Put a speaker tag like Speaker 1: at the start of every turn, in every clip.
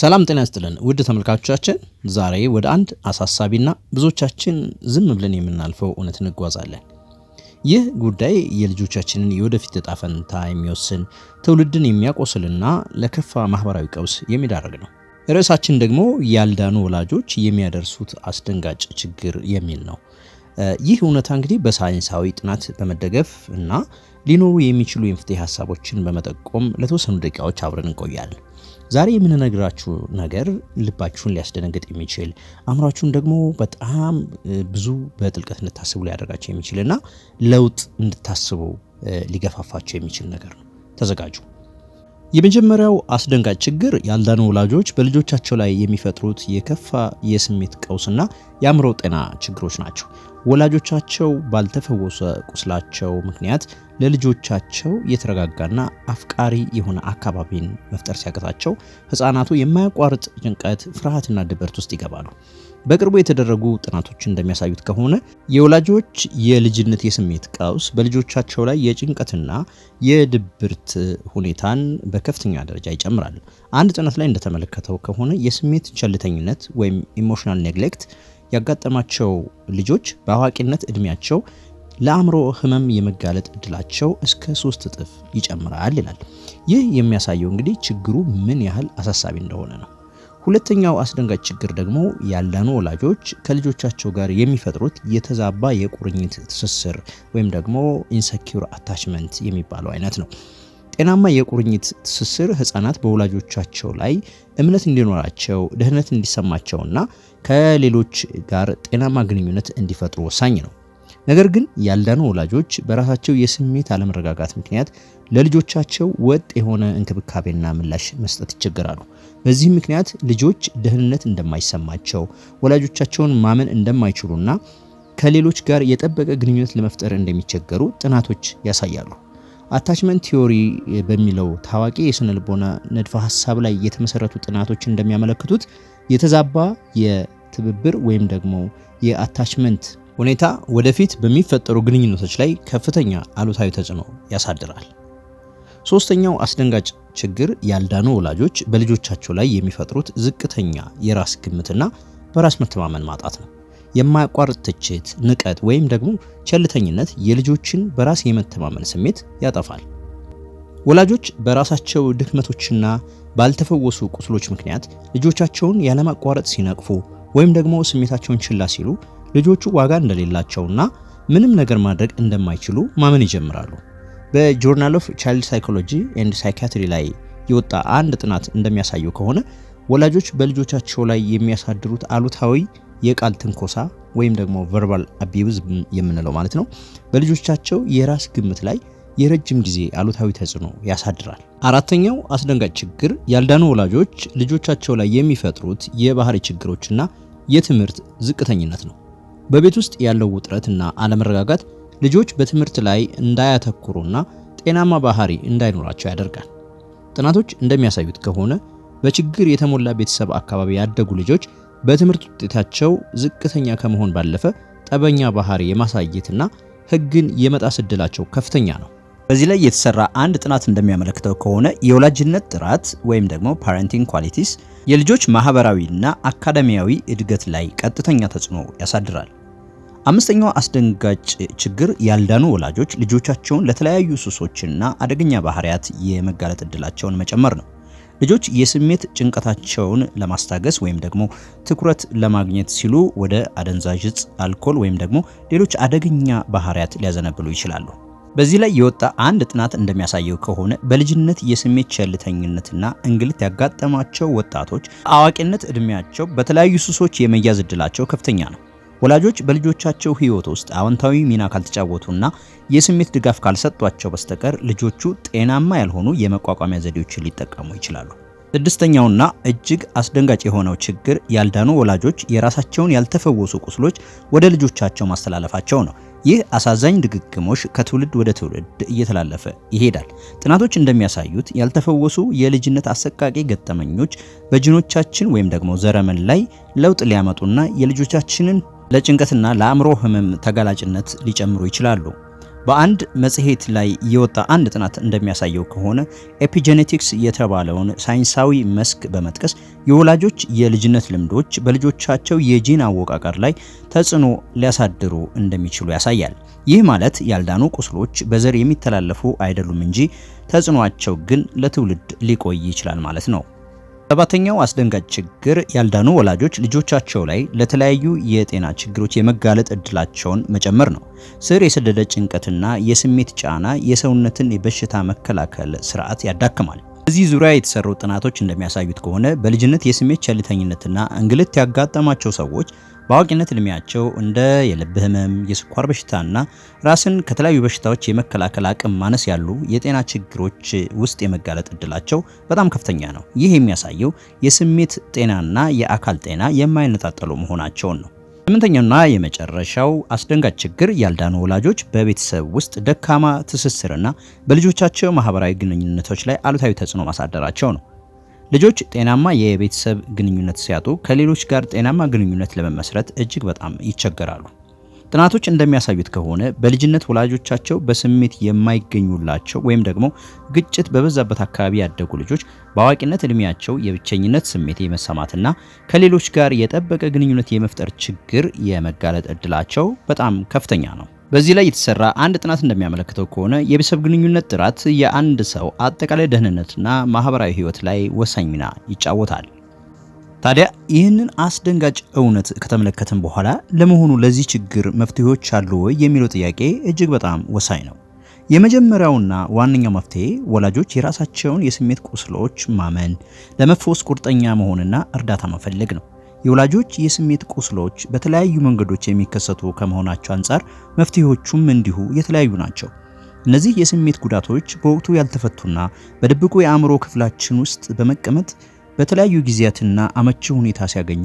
Speaker 1: ሰላም ጤና ይስጥልን ውድ ተመልካቾቻችን፣ ዛሬ ወደ አንድ አሳሳቢና ብዙዎቻችን ዝም ብለን የምናልፈው እውነት እንጓዛለን። ይህ ጉዳይ የልጆቻችንን የወደፊት እጣ ፈንታ የሚወስን ትውልድን የሚያቆስልና ለከፋ ማህበራዊ ቀውስ የሚዳርግ ነው። ርዕሳችን ደግሞ ያልዳኑ ወላጆች የሚያደርሱት አስደንጋጭ ችግር የሚል ነው። ይህ እውነታ እንግዲህ በሳይንሳዊ ጥናት በመደገፍ እና ሊኖሩ የሚችሉ የመፍትሄ ሀሳቦችን በመጠቆም ለተወሰኑ ደቂቃዎች አብረን እንቆያለን። ዛሬ የምንነግራችሁ ነገር ልባችሁን ሊያስደነግጥ የሚችል አእምሯችሁን ደግሞ በጣም ብዙ በጥልቀት እንድታስቡ ሊያደርጋቸው እና ለውጥ እንድታስቡ ሊገፋፋቸው የሚችል ነገር ነው። ተዘጋጁ። የመጀመሪያው አስደንጋጭ ችግር ያልዳኑ ወላጆች በልጆቻቸው ላይ የሚፈጥሩት የከፋ የስሜት ቀውስና የአእምሮ ጤና ችግሮች ናቸው። ወላጆቻቸው ባልተፈወሰ ቁስላቸው ምክንያት ለልጆቻቸው የተረጋጋና አፍቃሪ የሆነ አካባቢን መፍጠር ሲያቅታቸው ህፃናቱ የማያቋርጥ ጭንቀት፣ ፍርሃትና ድብርት ውስጥ ይገባሉ። በቅርቡ የተደረጉ ጥናቶች እንደሚያሳዩት ከሆነ የወላጆች የልጅነት የስሜት ቀውስ በልጆቻቸው ላይ የጭንቀትና የድብርት ሁኔታን በከፍተኛ ደረጃ ይጨምራል። አንድ ጥናት ላይ እንደተመለከተው ከሆነ የስሜት ቸልተኝነት ወይም ኢሞሽናል ኔግሌክት ያጋጠማቸው ልጆች በአዋቂነት እድሜያቸው ለአእምሮ ህመም የመጋለጥ እድላቸው እስከ ሶስት እጥፍ ይጨምራል ይላል። ይህ የሚያሳየው እንግዲህ ችግሩ ምን ያህል አሳሳቢ እንደሆነ ነው። ሁለተኛው አስደንጋጭ ችግር ደግሞ ያለኑ ወላጆች ከልጆቻቸው ጋር የሚፈጥሩት የተዛባ የቁርኝት ትስስር ወይም ደግሞ ኢንሰኪር አታችመንት የሚባለው አይነት ነው። ጤናማ የቁርኝት ትስስር ህጻናት በወላጆቻቸው ላይ እምነት እንዲኖራቸው፣ ደህንነት እንዲሰማቸውና ከሌሎች ጋር ጤናማ ግንኙነት እንዲፈጥሩ ወሳኝ ነው። ነገር ግን ያልዳኑ ወላጆች በራሳቸው የስሜት አለመረጋጋት ምክንያት ለልጆቻቸው ወጥ የሆነ እንክብካቤና ምላሽ መስጠት ይቸገራሉ። በዚህም ምክንያት ልጆች ደህንነት እንደማይሰማቸው፣ ወላጆቻቸውን ማመን እንደማይችሉና ከሌሎች ጋር የጠበቀ ግንኙነት ለመፍጠር እንደሚቸገሩ ጥናቶች ያሳያሉ። አታችመንት ቲዮሪ በሚለው ታዋቂ የስነ ልቦና ንድፈ ሀሳብ ላይ የተመሰረቱ ጥናቶች እንደሚያመለክቱት የተዛባ የትብብር ወይም ደግሞ የአታችመንት ሁኔታ ወደፊት በሚፈጠሩ ግንኙነቶች ላይ ከፍተኛ አሉታዊ ተጽዕኖ ያሳድራል። ሶስተኛው አስደንጋጭ ችግር ያልዳኑ ወላጆች በልጆቻቸው ላይ የሚፈጥሩት ዝቅተኛ የራስ ግምትና በራስ መተማመን ማጣት ነው። የማያቋርጥ ትችት፣ ንቀት ወይም ደግሞ ቸልተኝነት የልጆችን በራስ የመተማመን ስሜት ያጠፋል። ወላጆች በራሳቸው ድክመቶችና ባልተፈወሱ ቁስሎች ምክንያት ልጆቻቸውን ያለማቋረጥ ሲነቅፉ ወይም ደግሞ ስሜታቸውን ችላ ሲሉ ልጆቹ ዋጋ እንደሌላቸውና ምንም ነገር ማድረግ እንደማይችሉ ማመን ይጀምራሉ። በጆርናል ኦፍ ቻይልድ ሳይኮሎጂ ኤንድ ሳይካትሪ ላይ የወጣ አንድ ጥናት እንደሚያሳየው ከሆነ ወላጆች በልጆቻቸው ላይ የሚያሳድሩት አሉታዊ የቃል ትንኮሳ ወይም ደግሞ ቨርባል አቢዩዝ የምንለው ማለት ነው በልጆቻቸው የራስ ግምት ላይ የረጅም ጊዜ አሉታዊ ተጽዕኖ ያሳድራል። አራተኛው አስደንጋጭ ችግር ያልዳኑ ወላጆች ልጆቻቸው ላይ የሚፈጥሩት የባህሪ ችግሮችና የትምህርት ዝቅተኝነት ነው። በቤት ውስጥ ያለው ውጥረትና አለመረጋጋት ልጆች በትምህርት ላይ እንዳያተኩሩና ጤናማ ባህሪ እንዳይኖራቸው ያደርጋል። ጥናቶች እንደሚያሳዩት ከሆነ በችግር የተሞላ ቤተሰብ አካባቢ ያደጉ ልጆች በትምህርት ውጤታቸው ዝቅተኛ ከመሆን ባለፈ ጠበኛ ባህሪ የማሳየትና ሕግን የመጣስ ዕድላቸው ከፍተኛ ነው። በዚህ ላይ የተሰራ አንድ ጥናት እንደሚያመለክተው ከሆነ የወላጅነት ጥራት ወይም ደግሞ ፓረንቲንግ ኳሊቲስ የልጆች ማህበራዊና አካዳሚያዊ እድገት ላይ ቀጥተኛ ተጽዕኖ ያሳድራል። አምስተኛው አስደንጋጭ ችግር ያልዳኑ ወላጆች ልጆቻቸውን ለተለያዩ ሱሶችና አደገኛ ባህሪያት የመጋለጥ እድላቸውን መጨመር ነው። ልጆች የስሜት ጭንቀታቸውን ለማስታገስ ወይም ደግሞ ትኩረት ለማግኘት ሲሉ ወደ አደንዛዥ እጽ፣ አልኮል ወይም ደግሞ ሌሎች አደገኛ ባህሪያት ሊያዘነብሉ ይችላሉ። በዚህ ላይ የወጣ አንድ ጥናት እንደሚያሳየው ከሆነ በልጅነት የስሜት ቸልተኝነትና እንግልት ያጋጠማቸው ወጣቶች አዋቂነት እድሜያቸው በተለያዩ ሱሶች የመያዝ እድላቸው ከፍተኛ ነው። ወላጆች በልጆቻቸው ህይወት ውስጥ አዎንታዊ ሚና ካልተጫወቱና የስሜት ድጋፍ ካልሰጧቸው በስተቀር ልጆቹ ጤናማ ያልሆኑ የመቋቋሚያ ዘዴዎችን ሊጠቀሙ ይችላሉ። ስድስተኛውና እጅግ አስደንጋጭ የሆነው ችግር ያልዳኑ ወላጆች የራሳቸውን ያልተፈወሱ ቁስሎች ወደ ልጆቻቸው ማስተላለፋቸው ነው። ይህ አሳዛኝ ድግግሞሽ ከትውልድ ወደ ትውልድ እየተላለፈ ይሄዳል። ጥናቶች እንደሚያሳዩት ያልተፈወሱ የልጅነት አሰቃቂ ገጠመኞች በጅኖቻችን ወይም ደግሞ ዘረመን ላይ ለውጥ ሊያመጡና የልጆቻችንን ለጭንቀትና ለአእምሮ ህመም ተጋላጭነት ሊጨምሩ ይችላሉ። በአንድ መጽሔት ላይ የወጣ አንድ ጥናት እንደሚያሳየው ከሆነ ኤፒጄኔቲክስ የተባለውን ሳይንሳዊ መስክ በመጥቀስ የወላጆች የልጅነት ልምዶች በልጆቻቸው የጂን አወቃቀር ላይ ተጽዕኖ ሊያሳድሩ እንደሚችሉ ያሳያል። ይህ ማለት ያልዳኑ ቁስሎች በዘር የሚተላለፉ አይደሉም እንጂ ተጽዕኖቸው ግን ለትውልድ ሊቆይ ይችላል ማለት ነው። ሰባተኛው አስደንጋጭ ችግር ያልዳኑ ወላጆች ልጆቻቸው ላይ ለተለያዩ የጤና ችግሮች የመጋለጥ እድላቸውን መጨመር ነው። ስር የሰደደ ጭንቀትና የስሜት ጫና የሰውነትን የበሽታ መከላከል ስርዓት ያዳክማል። በዚህ ዙሪያ የተሰሩ ጥናቶች እንደሚያሳዩት ከሆነ በልጅነት የስሜት ቸልተኝነትና እንግልት ያጋጠማቸው ሰዎች በአዋቂነት እድሜያቸው እንደ የልብ ህመም፣ የስኳር በሽታና ራስን ከተለያዩ በሽታዎች የመከላከል አቅም ማነስ ያሉ የጤና ችግሮች ውስጥ የመጋለጥ እድላቸው በጣም ከፍተኛ ነው። ይህ የሚያሳየው የስሜት ጤናና የአካል ጤና የማይነጣጠሉ መሆናቸውን ነው። ስምንተኛውና የመጨረሻው አስደንጋጭ ችግር ያልዳኑ ወላጆች በቤተሰብ ውስጥ ደካማ ትስስርና በልጆቻቸው ማህበራዊ ግንኙነቶች ላይ አሉታዊ ተጽዕኖ ማሳደራቸው ነው። ልጆች ጤናማ የቤተሰብ ግንኙነት ሲያጡ ከሌሎች ጋር ጤናማ ግንኙነት ለመመስረት እጅግ በጣም ይቸገራሉ። ጥናቶች እንደሚያሳዩት ከሆነ በልጅነት ወላጆቻቸው በስሜት የማይገኙላቸው ወይም ደግሞ ግጭት በበዛበት አካባቢ ያደጉ ልጆች በአዋቂነት እድሜያቸው የብቸኝነት ስሜት የመሰማትና ከሌሎች ጋር የጠበቀ ግንኙነት የመፍጠር ችግር የመጋለጥ እድላቸው በጣም ከፍተኛ ነው። በዚህ ላይ የተሰራ አንድ ጥናት እንደሚያመለክተው ከሆነ የቤተሰብ ግንኙነት ጥራት የአንድ ሰው አጠቃላይ ደህንነትና ማህበራዊ ህይወት ላይ ወሳኝ ሚና ይጫወታል። ታዲያ ይህንን አስደንጋጭ እውነት ከተመለከትን በኋላ ለመሆኑ ለዚህ ችግር መፍትሄዎች አሉ ወይ የሚለው ጥያቄ እጅግ በጣም ወሳኝ ነው። የመጀመሪያውና ዋነኛው መፍትሄ ወላጆች የራሳቸውን የስሜት ቁስሎች ማመን፣ ለመፈወስ ቁርጠኛ መሆንና እርዳታ መፈለግ ነው። የወላጆች የስሜት ቁስሎች በተለያዩ መንገዶች የሚከሰቱ ከመሆናቸው አንጻር መፍትሄዎቹም እንዲሁ የተለያዩ ናቸው። እነዚህ የስሜት ጉዳቶች በወቅቱ ያልተፈቱና በድብቁ የአእምሮ ክፍላችን ውስጥ በመቀመጥ በተለያዩ ጊዜያትና አመቺ ሁኔታ ሲያገኙ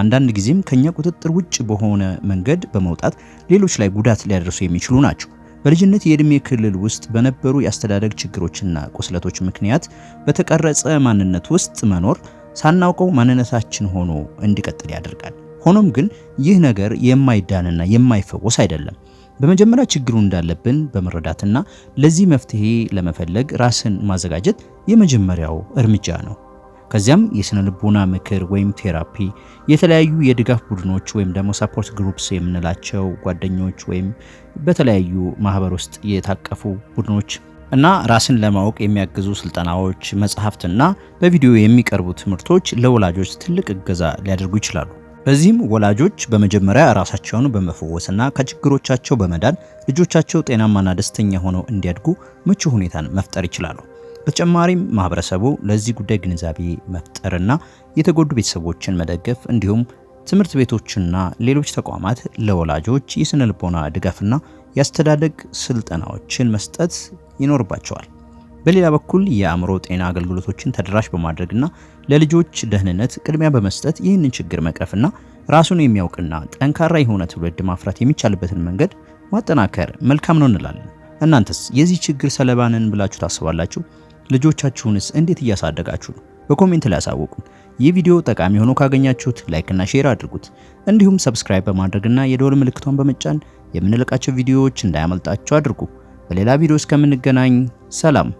Speaker 1: አንዳንድ ጊዜም ከኛ ቁጥጥር ውጭ በሆነ መንገድ በመውጣት ሌሎች ላይ ጉዳት ሊያደርሱ የሚችሉ ናቸው። በልጅነት የዕድሜ ክልል ውስጥ በነበሩ የአስተዳደግ ችግሮችና ቁስለቶች ምክንያት በተቀረጸ ማንነት ውስጥ መኖር ሳናውቀው ማንነታችን ሆኖ እንዲቀጥል ያደርጋል። ሆኖም ግን ይህ ነገር የማይዳንና የማይፈወስ አይደለም። በመጀመሪያ ችግሩ እንዳለብን በመረዳትና ለዚህ መፍትሄ ለመፈለግ ራስን ማዘጋጀት የመጀመሪያው እርምጃ ነው። ከዚያም የስነ ልቦና ምክር ወይም ቴራፒ፣ የተለያዩ የድጋፍ ቡድኖች ወይም ደግሞ ሰፖርት ግሩፕስ የምንላቸው ጓደኞች ወይም በተለያዩ ማህበር ውስጥ የታቀፉ ቡድኖች እና ራስን ለማወቅ የሚያግዙ ስልጠናዎች፣ መጽሐፍትና በቪዲዮ የሚቀርቡ ትምህርቶች ለወላጆች ትልቅ እገዛ ሊያደርጉ ይችላሉ። በዚህም ወላጆች በመጀመሪያ ራሳቸውን በመፈወስና ከችግሮቻቸው በመዳን ልጆቻቸው ጤናማና ደስተኛ ሆነው እንዲያድጉ ምቹ ሁኔታን መፍጠር ይችላሉ። በተጨማሪም ማህበረሰቡ ለዚህ ጉዳይ ግንዛቤ መፍጠርና የተጎዱ ቤተሰቦችን መደገፍ እንዲሁም ትምህርት ቤቶችና ሌሎች ተቋማት ለወላጆች የስነ ልቦና ድጋፍና የአስተዳደግ ስልጠናዎችን መስጠት ይኖርባቸዋል። በሌላ በኩል የአእምሮ ጤና አገልግሎቶችን ተደራሽ በማድረግና ለልጆች ደህንነት ቅድሚያ በመስጠት ይህንን ችግር መቅረፍና ራሱን የሚያውቅና ጠንካራ የሆነ ትውልድ ማፍራት የሚቻልበትን መንገድ ማጠናከር መልካም ነው እንላለን። እናንተስ የዚህ ችግር ሰለባንን ብላችሁ ታስባላችሁ? ልጆቻችሁንስ እንዴት እያሳደጋችሁ ነው? በኮሜንት ላይ አሳውቁ። ይህ ቪዲዮ ጠቃሚ ሆኖ ካገኛችሁት ላይክ እና ሼር አድርጉት። እንዲሁም ሰብስክራይብ በማድረግና የደወል ምልክቷን በመጫን የምንለቃቸው ቪዲዮዎች እንዳያመልጣችሁ አድርጉ። በሌላ ቪዲዮ እስከምንገናኝ ሰላም።